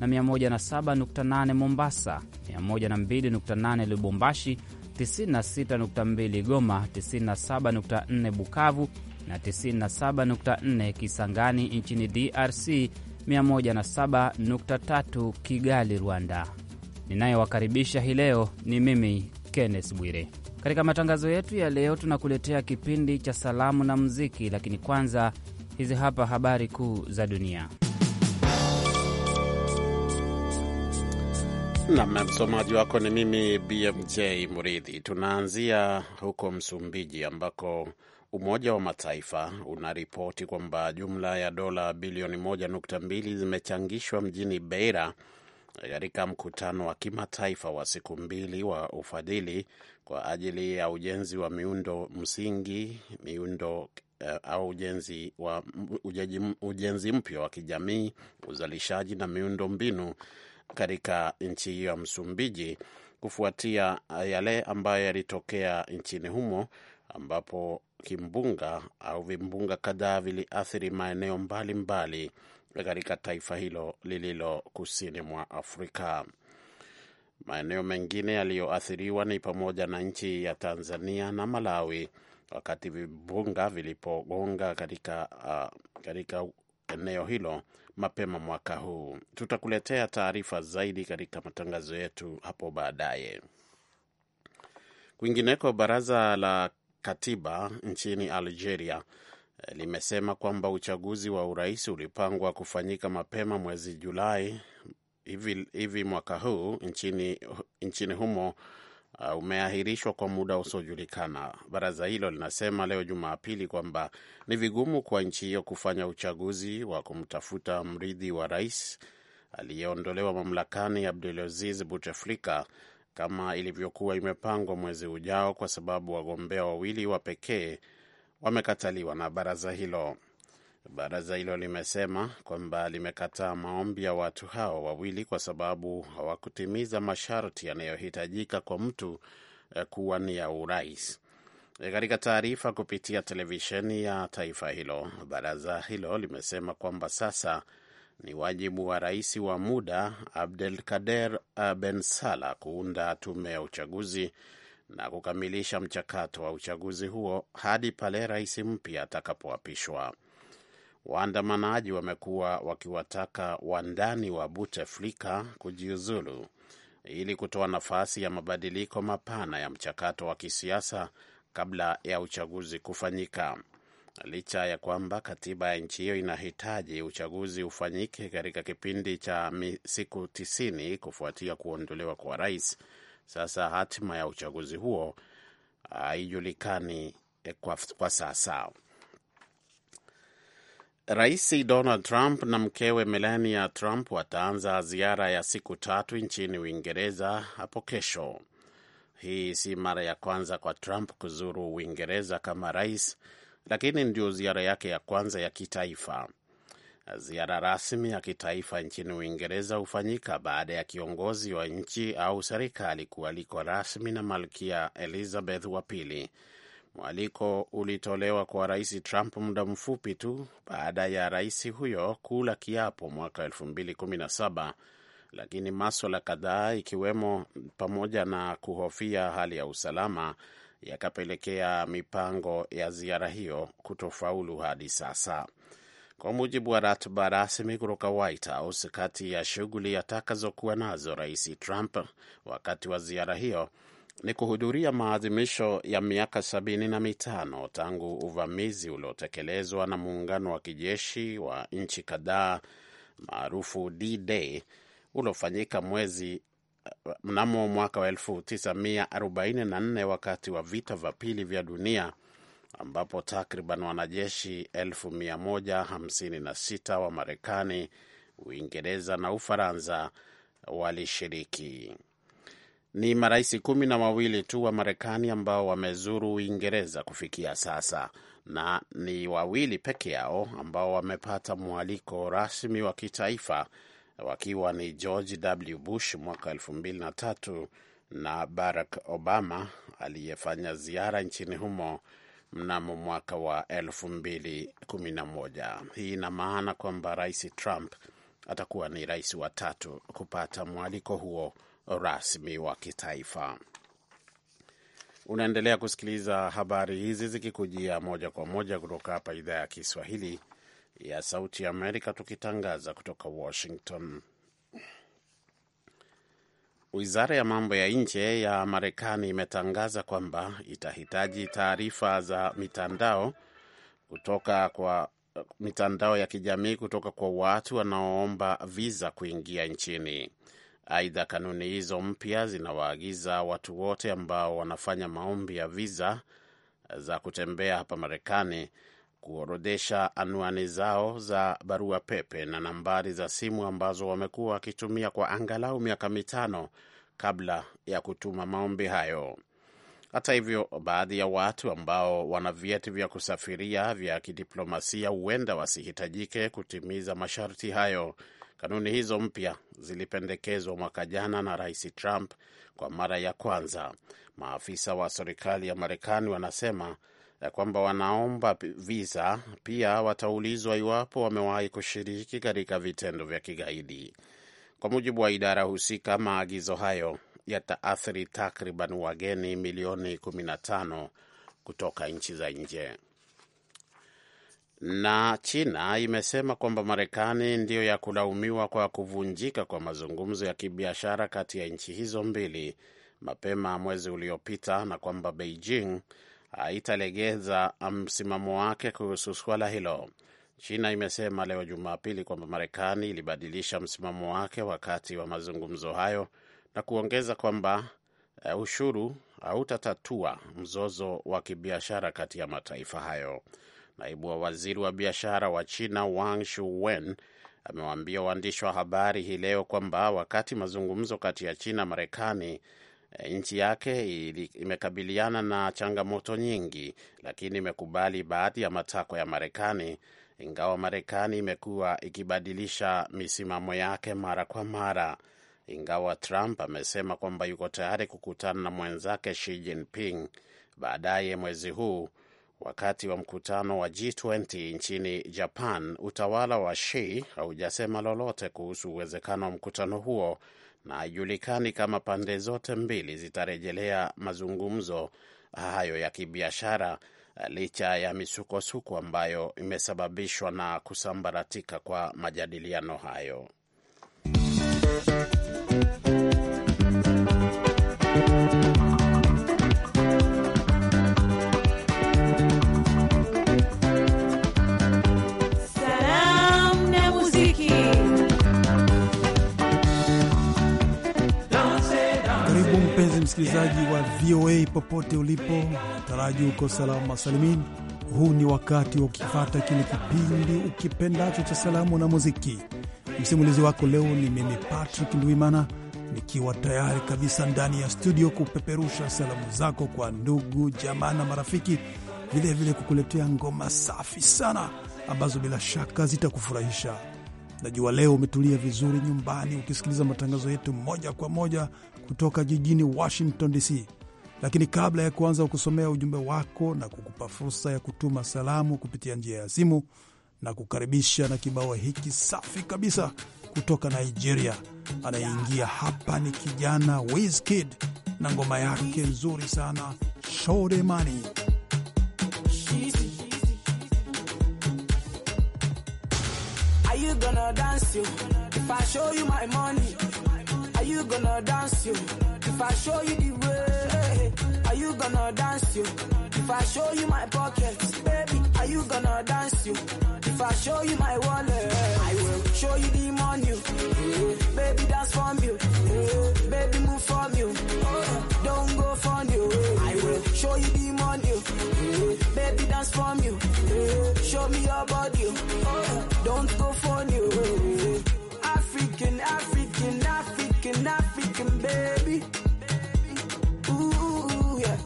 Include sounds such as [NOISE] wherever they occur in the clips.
na 107.8 Mombasa, 102.8 Lubumbashi, 96.2 Goma, 97.4 Bukavu na 97.4 Kisangani nchini DRC, 107.3 Kigali, Rwanda. Ninayewakaribisha hii leo ni mimi Kenneth Bwire. Katika matangazo yetu ya leo tunakuletea kipindi cha salamu na muziki, lakini kwanza hizi hapa habari kuu za dunia. Nam msomaji wako ni mimi BMJ Muridhi. Tunaanzia huko Msumbiji ambako Umoja wa Mataifa unaripoti kwamba jumla ya dola bilioni 1.2 zimechangishwa mjini Beira katika mkutano wa kimataifa wa siku mbili wa ufadhili kwa ajili ya ujenzi wa miundo msingi miundo eh, au ujenzi wa ujenzi mpya wa kijamii, uzalishaji na miundo mbinu katika nchi hiyo ya Msumbiji kufuatia uh, yale ambayo yalitokea nchini humo ambapo kimbunga au vimbunga kadhaa viliathiri maeneo mbalimbali katika taifa hilo lililo kusini mwa Afrika. Maeneo mengine yaliyoathiriwa ni pamoja na nchi ya Tanzania na Malawi wakati vimbunga vilipogonga katika, uh, katika eneo hilo mapema mwaka huu. Tutakuletea taarifa zaidi katika matangazo yetu hapo baadaye. Kwingineko, baraza la katiba nchini Algeria eh, limesema kwamba uchaguzi wa urais ulipangwa kufanyika mapema mwezi Julai hivi, hivi mwaka huu nchini, nchini humo uh, umeahirishwa kwa muda usiojulikana. Baraza hilo linasema leo Jumapili kwamba ni vigumu kwa nchi hiyo kufanya uchaguzi wa kumtafuta mrithi wa rais aliyeondolewa mamlakani Abdulaziz buteflika kama ilivyokuwa imepangwa mwezi ujao, kwa sababu wagombea wawili wa pekee wamekataliwa na baraza hilo. Baraza hilo limesema kwamba limekataa maombi ya watu hao wawili kwa sababu hawakutimiza masharti yanayohitajika kwa mtu ya eh, urais. Eh, katika taarifa kupitia televisheni ya taifa hilo, baraza hilo limesema kwamba sasa ni wajibu wa rais wa muda Abdel Kader eh, Ben sala kuunda tume ya uchaguzi na kukamilisha mchakato wa uchaguzi huo hadi pale rais mpya atakapoapishwa waandamanaji wamekuwa wakiwataka wandani wa buteflika kujiuzulu ili kutoa nafasi ya mabadiliko mapana ya mchakato wa kisiasa kabla ya uchaguzi kufanyika. Licha ya kwamba katiba ya nchi hiyo inahitaji uchaguzi ufanyike katika kipindi cha siku tisini kufuatia kuondolewa kwa rais, sasa hatima ya uchaguzi huo haijulikani kwa, kwa sasa. Rais Donald Trump na mkewe Melania Trump wataanza ziara ya siku tatu nchini Uingereza hapo kesho. Hii si mara ya kwanza kwa Trump kuzuru Uingereza kama rais, lakini ndio ziara yake ya kwanza ya kitaifa. Ziara rasmi ya kitaifa nchini Uingereza hufanyika baada ya kiongozi wa nchi au serikali kualikwa rasmi na Malkia Elizabeth wa Pili Mwaliko ulitolewa kwa Rais Trump muda mfupi tu baada ya rais huyo kula kiapo mwaka 2017 lakini maswala kadhaa ikiwemo pamoja na kuhofia hali ya usalama yakapelekea mipango ya ziara hiyo kutofaulu hadi sasa. Kwa mujibu wa ratiba rasmi kutoka White House, kati ya shughuli atakazokuwa nazo Rais Trump wakati wa ziara hiyo ni kuhudhuria maadhimisho ya miaka sabini na mitano tangu uvamizi uliotekelezwa na muungano wa kijeshi wa nchi kadhaa maarufu D-Day uliofanyika mwezi mnamo mwaka wa nne wakati wa vita vya pili vya dunia ambapo takriban wanajeshi 156 wa Marekani, Uingereza na Ufaransa walishiriki. Ni marais kumi na wawili tu wa Marekani ambao wamezuru Uingereza kufikia sasa na ni wawili peke yao ambao wamepata mwaliko rasmi wa kitaifa wakiwa ni George W. Bush mwaka elfu mbili na tatu na Barack Obama aliyefanya ziara nchini humo mnamo mwaka wa elfu mbili kumi na moja. Hii ina maana kwamba Rais Trump atakuwa ni rais wa tatu kupata mwaliko huo rasmi wa kitaifa. Unaendelea kusikiliza habari hizi zikikujia moja kwa moja kutoka hapa idhaa ya Kiswahili ya Sauti ya Amerika, tukitangaza kutoka Washington. Wizara ya mambo ya nje ya Marekani imetangaza kwamba itahitaji taarifa za mitandao kutoka kwa mitandao ya kijamii kutoka kwa watu wanaoomba viza kuingia nchini. Aidha, kanuni hizo mpya zinawaagiza watu wote ambao wanafanya maombi ya viza za kutembea hapa Marekani kuorodhesha anwani zao za barua pepe na nambari za simu ambazo wamekuwa wakitumia kwa angalau miaka mitano kabla ya kutuma maombi hayo. Hata hivyo, baadhi ya watu ambao wana vyeti vya kusafiria vya kidiplomasia huenda wasihitajike kutimiza masharti hayo Kanuni hizo mpya zilipendekezwa mwaka jana na Rais Trump kwa mara ya kwanza. Maafisa wa serikali ya Marekani wanasema ya eh, kwamba wanaomba visa pia wataulizwa iwapo wamewahi kushiriki katika vitendo vya kigaidi. Kwa mujibu wa idara husika, maagizo hayo yataathiri takriban wageni milioni 15 kutoka nchi za nje na China imesema kwamba Marekani ndiyo ya kulaumiwa kwa kuvunjika kwa mazungumzo ya kibiashara kati ya nchi hizo mbili mapema mwezi uliopita na kwamba Beijing haitalegeza msimamo wake kuhusu suala hilo. China imesema leo Jumapili kwamba Marekani ilibadilisha msimamo wake wakati wa mazungumzo hayo na kuongeza kwamba eh, ushuru hautatatua mzozo wa kibiashara kati ya mataifa hayo. Naibu wa waziri wa biashara wa China Wang Shuwen amewaambia waandishi wa habari hii leo kwamba wakati mazungumzo kati ya China na Marekani, eh, nchi yake imekabiliana na changamoto nyingi, lakini imekubali baadhi ya matakwa ya Marekani, ingawa Marekani imekuwa ikibadilisha misimamo yake mara kwa mara. Ingawa Trump amesema kwamba yuko tayari kukutana na mwenzake Xi Jinping baadaye mwezi huu Wakati wa mkutano wa G20 nchini Japan, utawala wa Shi haujasema lolote kuhusu uwezekano wa mkutano huo na haijulikani kama pande zote mbili zitarejelea mazungumzo hayo ya kibiashara licha ya misukosuko ambayo imesababishwa na kusambaratika kwa majadiliano hayo. msikilizaji wa VOA popote ulipo, taraji uko salama salimin. Huu ni wakati wa ukifata kile kipindi ukipendacho cha salamu na muziki. Msimulizi wako leo ni mimi Patrick Ndwimana, nikiwa tayari kabisa ndani ya studio kupeperusha salamu zako kwa ndugu jamaa na marafiki, vilevile kukuletea ngoma safi sana ambazo bila shaka zitakufurahisha. Najua leo umetulia vizuri nyumbani ukisikiliza matangazo yetu moja kwa moja kutoka jijini Washington DC. Lakini kabla ya kuanza kusomea ujumbe wako na kukupa fursa ya kutuma salamu kupitia njia ya simu, na kukaribisha na kibao hiki safi kabisa kutoka Nigeria. Anayeingia hapa ni kijana Wizkid na ngoma yake nzuri sana Shode Are you gonna dance you? If I show you the way, are you gonna dance you? If I show you my pockets, baby, are you gonna dance you? If I show you my wallet, I will show you the money. Baby, dance for you. Baby, move for you. don't go for you. I will show you the money. Baby, dance for you. Show me your body. don't go for you. African, African, African. African, African baby. Ooh, yeah.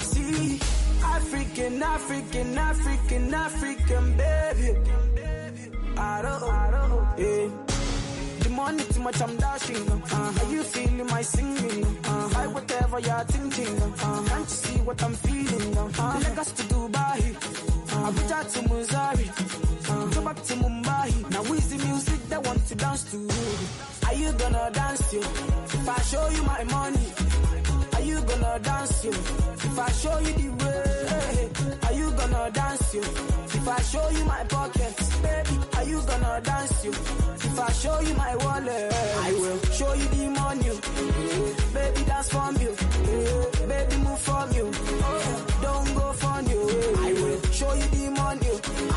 See, African, African, African, African baby. I don't, I don't, yeah. The money too much, I'm dashing. Uh, uh-huh. are you feeling my singing? Uh, like whatever you're thinking. Uh, can't you see what I'm feeling? Uh, Lagos to Dubai. Uh, Abuja to Missouri. Uh, go back to Mumbai. Now is the music that wants to dance to. Are you gonna dance yo? If I show you my money, are you gonna dance yo? If I show you the way, are you gonna dance yo? If I show you my pockets, baby, are you gonna dance yo? If I show you my wallet, I will show you the money. Baby, dance from you. Baby, move from you. Don't go from you. I will show you the money.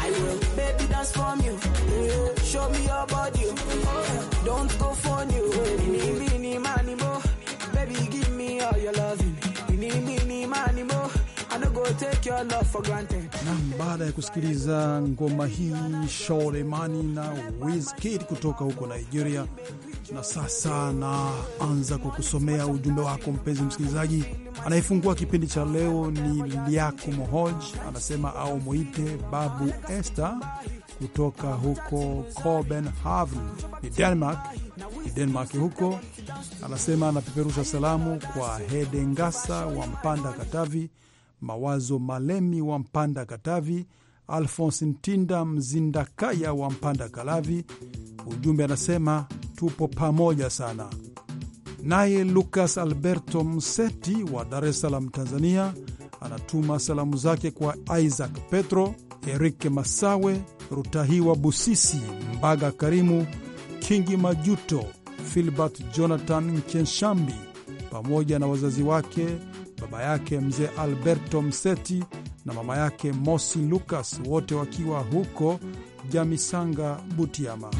I will, baby, dance from you. Show me your body. Oh, don't go for you. mini money mo. Baby, give me all your loving. mini money mo. Nam, baada ya kusikiliza ngoma hii Sholemani na Wizkid kutoka huko Nigeria na sasa naanza kwa kusomea ujumbe wako mpenzi msikilizaji. Anayefungua kipindi cha leo ni liaku Mohoj, anasema au mwite Babu Esther kutoka huko Copenhagen ni Denmark, ni Denmark huko. Anasema anapeperusha salamu kwa Hedengasa wa Mpanda Katavi, Mawazo Malemi wa Mpanda Katavi, Alfons Ntinda Mzindakaya wa Mpanda Kalavi. Ujumbe anasema tupo pamoja sana. Naye Lukas Alberto Mseti wa Dar es Salaam, Tanzania, anatuma salamu zake kwa Isaac Petro, Erike Masawe, Rutahiwa Busisi, Mbaga Karimu, Kingi Majuto, Filbert Jonathan Nkenshambi pamoja na wazazi wake, baba yake mzee Alberto Mseti na mama yake Mosi Lucas, wote wakiwa huko Jamisanga, Butiama.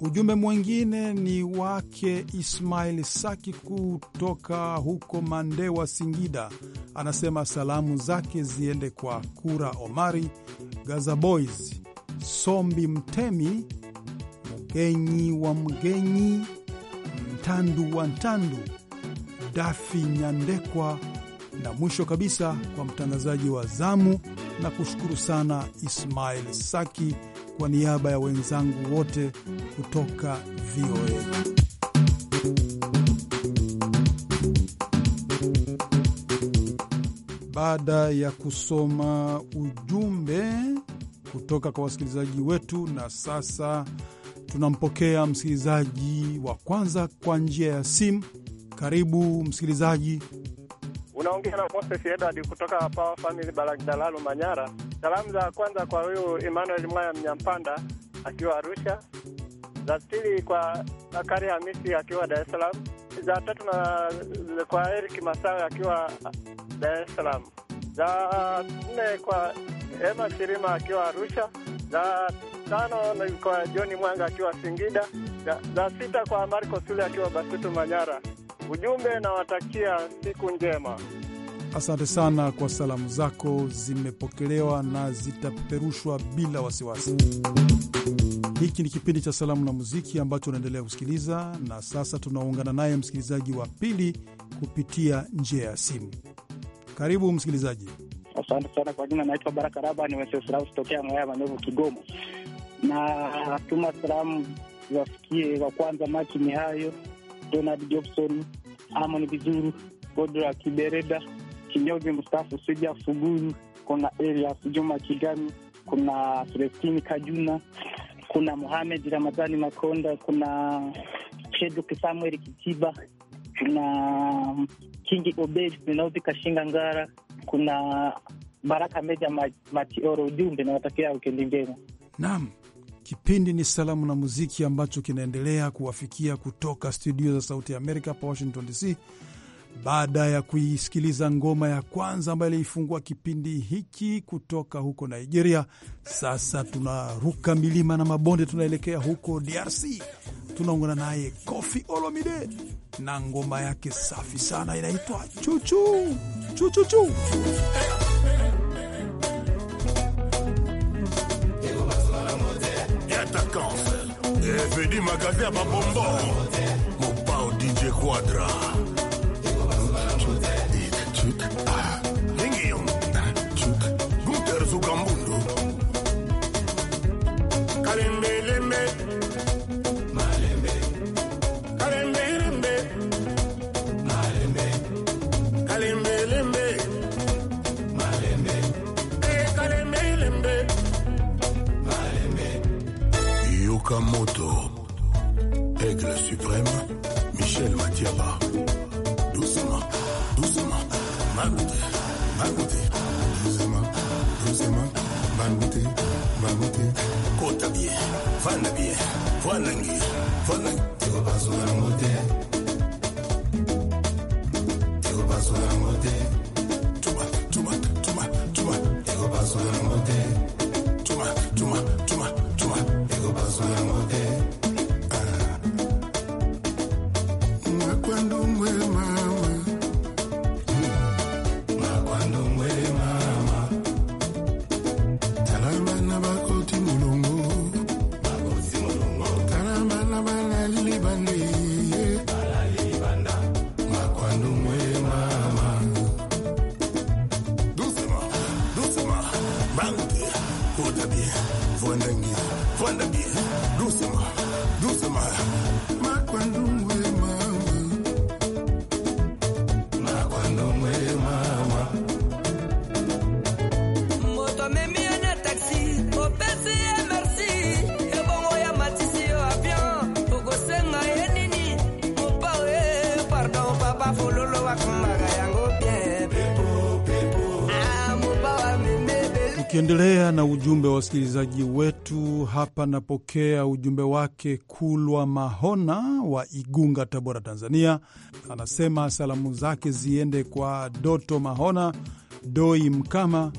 Ujumbe mwingine ni wake Ismail Saki kutoka huko Mandewa, Singida. Anasema salamu zake ziende kwa Kura Omari, Gaza Boys, Sombi Mtemi, Mgenyi wa Mgenyi, Mtandu wa Ntandu, Dafi Nyandekwa, na mwisho kabisa kwa mtangazaji wa zamu na kushukuru sana Ismail Saki kwa niaba ya wenzangu wote kutoka VOA. Baada ya kusoma ujumbe kutoka kwa wasikilizaji wetu, na sasa tunampokea msikilizaji wa kwanza kwa njia ya simu karibu msikilizaji. Unaongea na Moses Edward kutoka Power Family Baragdalalo, Manyara. Salamu za kwanza kwa huyu Emmanuel Mwaya Mnyampanda akiwa Arusha, za pili kwa Bakari Hamisi akiwa Dar es Salaam, za tatu na kwa Eric Masawe akiwa Dar es Salaam, za nne kwa ema Shirima akiwa Arusha, za tano kwa joni Mwanga akiwa Singida, za, za sita kwa Marco Sule akiwa Basutu Manyara, Ujumbe nawatakia siku njema. Asante sana kwa salamu zako, zimepokelewa na zitapeperushwa bila wasiwasi. Hiki ni kipindi cha salamu na muziki ambacho unaendelea kusikiliza, na sasa tunaungana naye msikilizaji wa pili kupitia njia ya simu. Karibu msikilizaji. Asante sana kwa jina, naitwa Baraka Raba, ni Wenceslaus kutokea Mwaya Manyevu, Kigoma, na tuma salamu wafikie wa kwanza Maki hayo Donald Jobson, Amon Bizuru, Godra Kibereda, Kinyozi mstaafu, Sija Suguru, kuna Elias Juma Kigami, kuna Selestini Kajuna, kuna Mohamed Ramadhani Makonda, kuna Sheduke Samuel Kitiba, kuna Kingi Obed Binauzi Kashinga Ngara, kuna Baraka Meja Matioro. Ujumbe nawatakia wikendi njema. Naam. Kipindi ni Salamu na Muziki ambacho kinaendelea kuwafikia kutoka studio za Sauti ya Amerika hapa Washington DC. Baada ya kuisikiliza ngoma ya kwanza ambayo iliifungua kipindi hiki kutoka huko Nigeria, sasa tunaruka milima na mabonde, tunaelekea huko DRC. Tunaungana naye Kofi Olomide na ngoma yake safi sana inaitwa chuchu chuchuchu. Revedi Magadia Babombo Mobao DJ Quadra Aigle suprême, Michel Matiaba. Doucement, doucement, Magouté, Magouté. Doucement, doucement, Magouté, Magouté. Kota bien, va bien, bien, Vanangi. Tu vas sur la montée. Tu vas sur la montée. Tu vas, tu vas, tu vas, tu vas. Tu vas sur la montée. Tukiendelea na ujumbe wa wasikilizaji wetu hapa, napokea ujumbe wake Kulwa Mahona wa Igunga, Tabora, Tanzania. Anasema salamu zake ziende kwa Doto Mahona, Doi Mkama,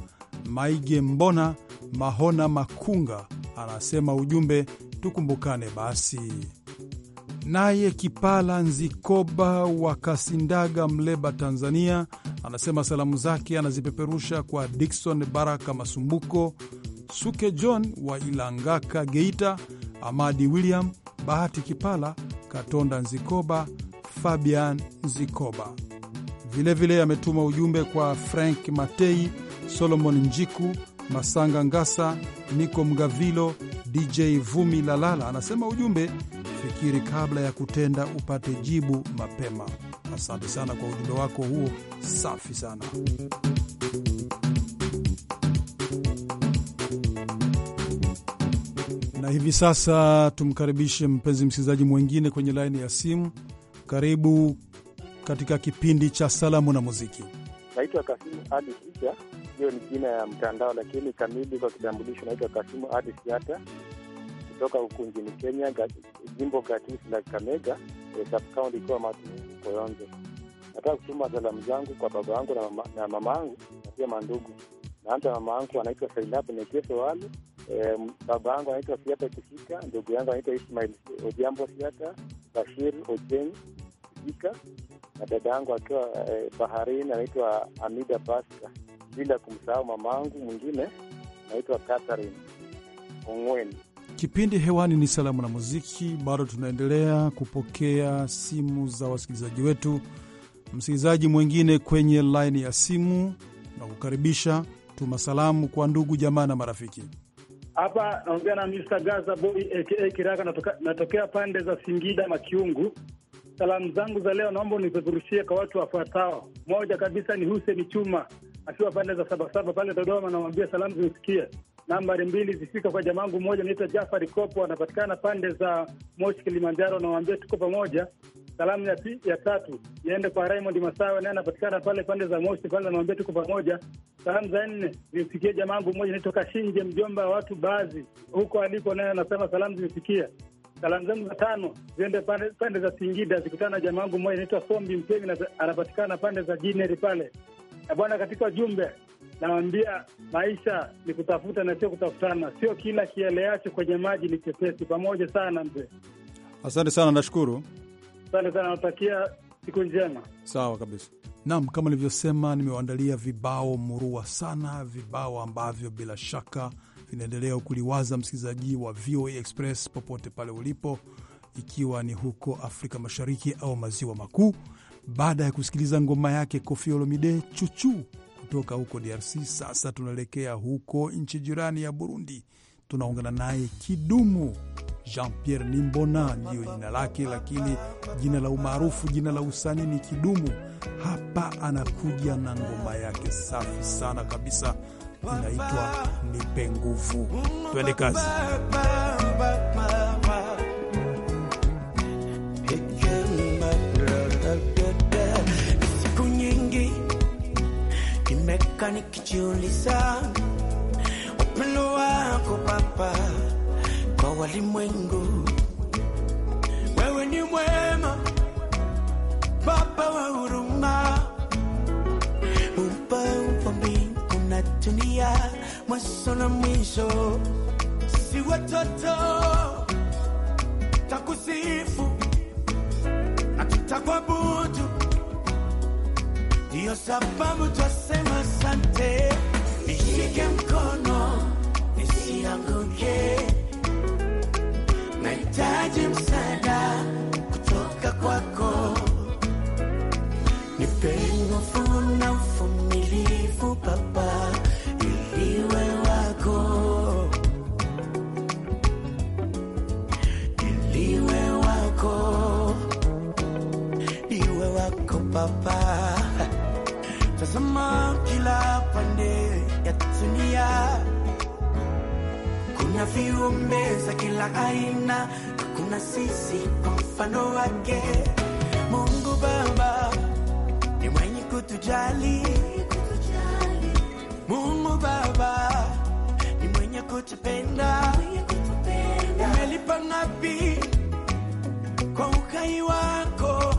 Maige Mbona Mahona Makunga anasema ujumbe, tukumbukane basi. Naye Kipala Nzikoba wa Kasindaga, Mleba, Tanzania, anasema salamu zake anazipeperusha kwa Dikson Baraka Masumbuko, Suke John wa Ilangaka, Geita, Amadi William, Bahati Kipala, Katonda Nzikoba, Fabian Nzikoba. Vilevile ametuma ujumbe kwa Frank Matei Solomon Njiku, Masanga Ngasa, Niko Mgavilo, DJ Vumi Lalala anasema ujumbe, fikiri kabla ya kutenda upate jibu mapema. Asante sana kwa ujumbe wako huo, safi sana. Na hivi sasa tumkaribishe mpenzi msikilizaji mwengine kwenye laini ya simu. Karibu katika kipindi cha salamu na muziki. Naitwa Kasimu Ali Kisha hiyo ni jina ya mtandao, lakini kamili kwa kitambulisho naitwa Kasumu Adi Siata kutoka huku nchini Kenya, jimbo Gatisi la Kamega, eh, subkaunti ikiwa Koyonzo. Nataka kutuma salamu zangu kwa baba yangu na mama na mamaangu na pia mandugu. Naanza mama angu anaitwa Sailab Nekeso Wali, e, eh, baba yangu anaitwa Siata Kisika, ndugu yangu anaitwa Ismail Ojambo Siata, Bashir Ojen Kisika na dada yangu akiwa e, baharini anaitwa Amida Paska bila kumsahau mamaangu mwingine naitwa Catherine Ongweni. Kipindi hewani ni salamu na muziki. Bado tunaendelea kupokea simu za wasikilizaji wetu. Msikilizaji mwingine kwenye laini ya simu na kukaribisha, tuma salamu kwa ndugu jamaa na marafiki. Hapa naongea na Mr. Gaza Boy aka Kiraka, natoka, natokea pande za Singida Makiungu. Salamu zangu za leo naomba unipeperushie kwa watu wafuatao. Moja kabisa ni Hussein Chuma akiwa pande za Sabasaba pale Dodoma, namwambia salamu zimesikia. Nambari mbili zifika kwa jamaa jamangu mmoja anaitwa Jafari Kopo, anapatikana pande za Moshi, Kilimanjaro, namwambia tuko pamoja. Salamu ya, ya tatu iende kwa Raymond Masawe, naye anapatikana pale pande za Moshi pale, namwambia tuko pamoja. Salamu za nne zimfikie jamangu mmoja naitwa Kashinje, mjomba wa watu baadhi huko alipo, naye anasema salamu zimfikia salamu zangu za tano ziende pande za Singida, zikutana na jamaa wangu mmoja anaitwa Sombi Mtemi, anapatikana pande za Jineri pale na bwana, katika ujumbe nawambia maisha ni kutafuta na sio kutafutana, sio kila kieleacho kwenye maji ni chepesi. Pamoja sana mzee, asante sana, nashukuru. Asante sana, natakia siku njema. Sawa kabisa. Naam, kama nilivyosema, nimewaandalia vibao murua sana, vibao ambavyo bila shaka vinaendelea kuliwaza msikilizaji wa VOA Express popote pale ulipo, ikiwa ni huko Afrika Mashariki au Maziwa Makuu baada ya kusikiliza ngoma yake Koffi Olomide chuchu kutoka huko DRC, sasa tunaelekea huko nchi jirani ya Burundi. Tunaungana naye Kidumu Jean Pierre Nimbona, ndiyo jina lake, lakini jina la umaarufu, jina la usanii ni Kidumu. Hapa anakuja na ngoma yake safi sana kabisa, inaitwa Nipe Nguvu. Twende kazi. nimekaa nikijiuliza upendo wako Baba kwa walimwengu. Wewe ni mwema Baba wa huruma, muumba wa mbingu na dunia, mwanzo na mwisho. Si watoto takusifu na tutakuabudu Ndiyo sababu twasema asante, nishike mkono nisianguke, nahitaji msaada kutoka kwako. na viumbe za kila aina, kuna sisi kwa mfano wake. Mungu Baba ni mwenye kutujali, Mungu Baba ni mwenye kutupenda. Umelipa ngapi kwa ukai wako?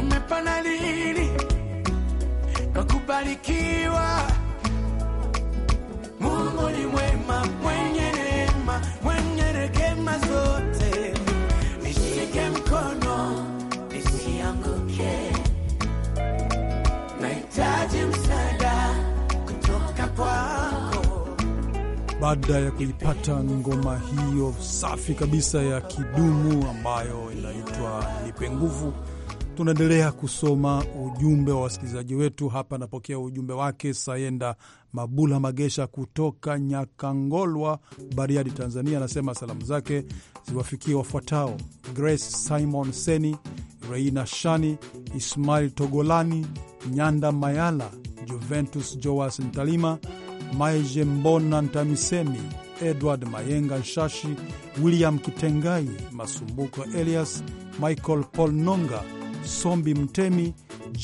Umepana lini kwa kubarikiwa? Mungu ni mwema mwema neema zote, nishike mkono nisianguke, nahitaji msaada kutoka kwako. Baada ya kuipata ngoma hiyo safi kabisa ya kidumu ambayo inaitwa Nipe Nguvu tunaendelea kusoma ujumbe wa wasikilizaji wetu hapa. anapokea ujumbe wake Sayenda Mabula Magesha kutoka Nyakangolwa, Bariadi, Tanzania. Anasema salamu zake ziwafikie wafuatao: Grace Simon Seni, Reina Shani, Ismail Togolani, Nyanda Mayala, Juventus Joas Ntalima, Maije Mbona Ntamisemi, Edward Mayenga Nshashi, William Kitengai, Masumbuko Elias, Michael Paul Nonga Sombi Mtemi,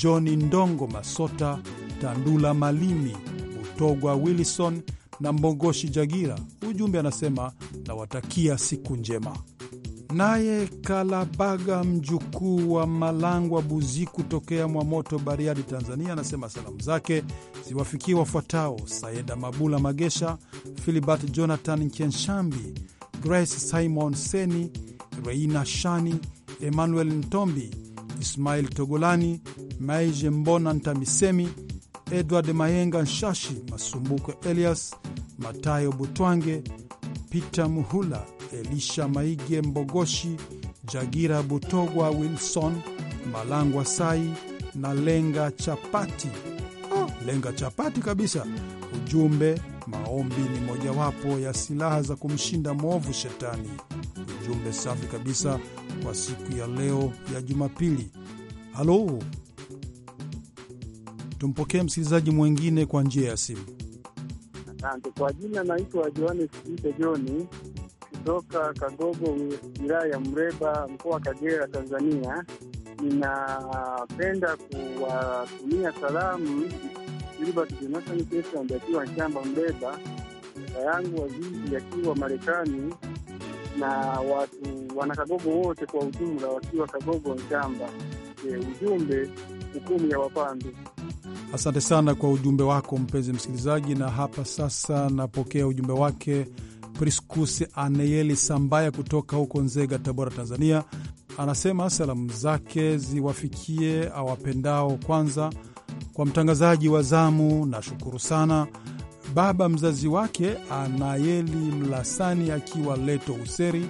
Johni Ndongo Masota, Tandula Malimi, utogwa Wilison na Mbogoshi Jagira. Ujumbe anasema nawatakia siku njema. Naye Kalabaga, mjukuu wa Malangwa Buziku mwa Mwamoto, Bariadi, Tanzania, anasema salamu zake ziwafikie wafuatao: Sayeda Mabula Magesha, Filibert Jonathan Kenshambi, Grace Simon Seni, Reina Shani, Emmanuel Ntombi, Ismail Togolani, Maije Mbona Ntamisemi, Edward Mayenga Nshashi, Masumbuko Elias, Matayo Butwange, Peter Muhula, Elisha Maige Mbogoshi, Jagira Butogwa, Wilson Malangwa Sai na Lenga Chapati. Oh, Lenga Chapati kabisa. Ujumbe, maombi ni mojawapo ya silaha za kumshinda mwovu shetani. Ujumbe safi kabisa kwa siku ya leo ya Jumapili. Halo, tumpokee msikilizaji mwingine kwa njia ya simu. Asante kwa jina, naitwa Johannes Ide Joni kutoka Kagogo, wilaya ya Mreba, mkoa wa Kagera, Tanzania. Ninapenda kuwatumia salamu Gilbert Jonathan Kesa akiwa Nshamba Mreba, kaka yangu wazizi akiwa Marekani na watu wanakagogo wote kwa ujumla, wakiwa Kagogo Njamba. E, ujumbe hukumu ya wapande. Asante sana kwa ujumbe wako mpenzi msikilizaji, na hapa sasa napokea ujumbe wake priscus Aneyeli Sambaya kutoka huko Nzega, Tabora, Tanzania. Anasema salamu zake ziwafikie awapendao kwanza, kwa mtangazaji wa zamu, nashukuru sana baba mzazi wake Anayeli Mlasani akiwa Leto Useri,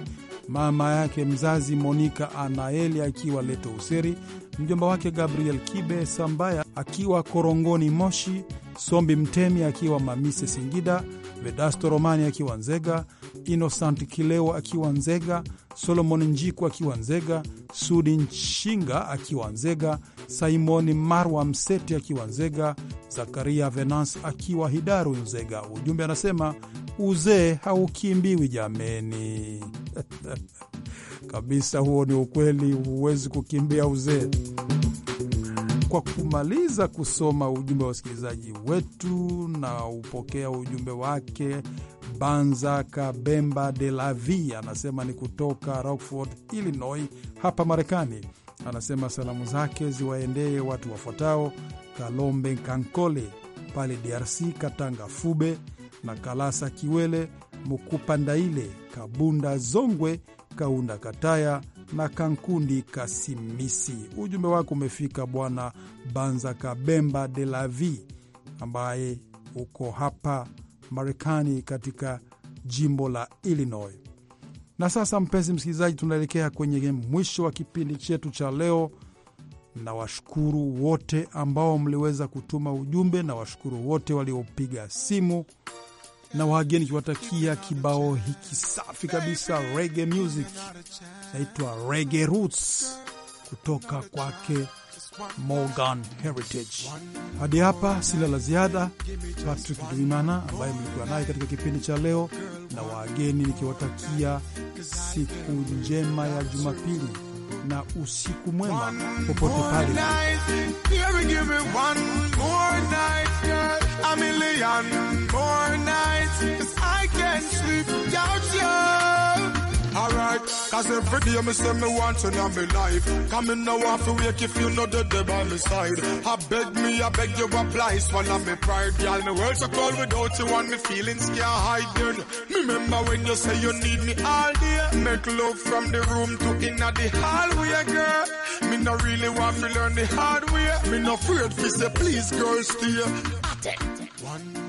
mama yake mzazi Monika Anaeli akiwa Leto Useri, mjomba wake Gabriel Kibe Sambaya akiwa Korongoni Moshi, Sombi Mtemi akiwa Mamise Singida, Vedasto Romani akiwa Nzega, Innocent Kilewa akiwa Nzega, Solomon Njiku akiwa Nzega, Sudi Nshinga akiwa Nzega, Simoni Marwa Mseti akiwa Nzega, Zakaria Venance akiwa Hidaru Nzega. Ujumbe anasema uzee haukimbiwi jameni. [LAUGHS] Kabisa, huo ni ukweli, huwezi kukimbia uzee. Kwa kumaliza kusoma ujumbe wa wasikilizaji wetu na upokea ujumbe wake Banza Kabemba de la Vie anasema ni kutoka Rockford, Illinois, hapa Marekani. Anasema salamu zake ziwaendee watu wafuatao: Kalombe Kankole pale DRC, Katanga Fube na Kalasa Kiwele, Mukupandaile, Kabunda Zongwe, Kaunda Kataya na Kankundi Kasimisi. Ujumbe wako umefika Bwana Banza Kabemba de la Vie ambaye uko hapa Marekani, katika jimbo la Illinois. Na sasa, mpenzi msikilizaji, tunaelekea kwenye mwisho wa kipindi chetu cha leo. Nawashukuru wote ambao mliweza kutuma ujumbe na washukuru wote waliopiga simu na wageni, kiwatakia kibao hiki safi kabisa, reggae music, naitwa Reggae Roots kutoka kwake Morgan Heritage. Hadi hapa sila la ziada. Patrick Duimana ambaye mlikuwa naye katika kipindi cha leo, na wageni nikiwatakia siku njema ya Jumapili na usiku mwema popote pale. Alright, cause every day me say me want you in my life. Come in now off wake if you know the day by my side. I beg me, I beg you apply, of me pride. Girl, me world's so cold without you and me feelings can't hide. Girl. Remember when you say you need me all day. Make love from the room to inna the hallway, girl. Me no really want to learn the hard way. Me no afraid to say please, girl, stay. One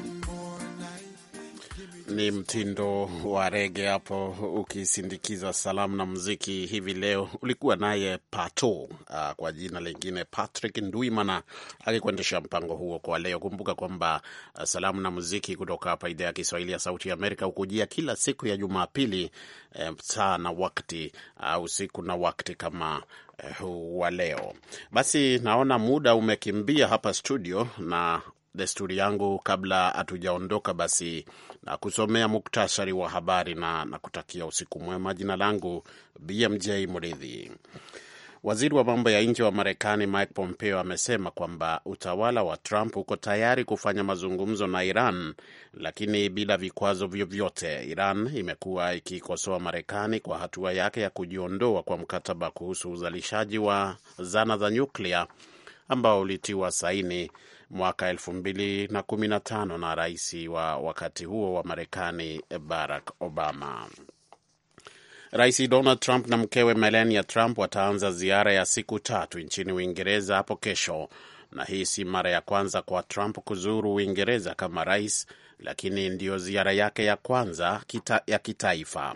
ni mtindo wa rege hapo ukisindikiza salamu na muziki hivi leo. Ulikuwa naye Pato ah, kwa jina lingine Patrick nduimana akikuendesha mpango huo kwa leo. Kumbuka kwamba ah, salamu na muziki kutoka hapa idhaa ya Kiswahili ya Sauti ya Amerika hukujia kila siku ya Jumapili eh, saa na wakti au ah, siku na wakti kama eh, wa leo. Basi naona muda umekimbia hapa studio, na desturi yangu, kabla hatujaondoka basi na kusomea muktasari wa habari na nakutakia usiku mwema. Jina langu BMJ Mridhi. Waziri wa mambo ya nje wa Marekani Mike Pompeo amesema kwamba utawala wa Trump uko tayari kufanya mazungumzo na Iran, lakini bila vikwazo vyovyote. Iran imekuwa ikikosoa Marekani kwa hatua yake ya kujiondoa kwa mkataba kuhusu uzalishaji wa zana za nyuklia ambao ulitiwa saini mwaka 2015 na rais wa wakati huo wa Marekani Barack Obama. Rais Donald Trump na mkewe Melania Trump wataanza ziara ya siku tatu nchini Uingereza hapo kesho, na hii si mara ya kwanza kwa Trump kuzuru Uingereza kama rais, lakini ndiyo ziara yake ya kwanza kita, ya kitaifa.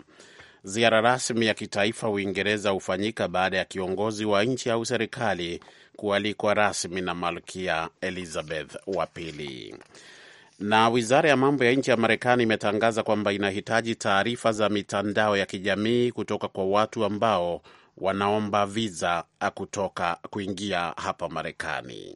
Ziara rasmi ya kitaifa Uingereza hufanyika baada ya kiongozi wa nchi au serikali kualikwa rasmi na Malkia Elizabeth wa pili. Na wizara ya mambo ya nje ya Marekani imetangaza kwamba inahitaji taarifa za mitandao ya kijamii kutoka kwa watu ambao wanaomba viza kutoka kuingia hapa Marekani.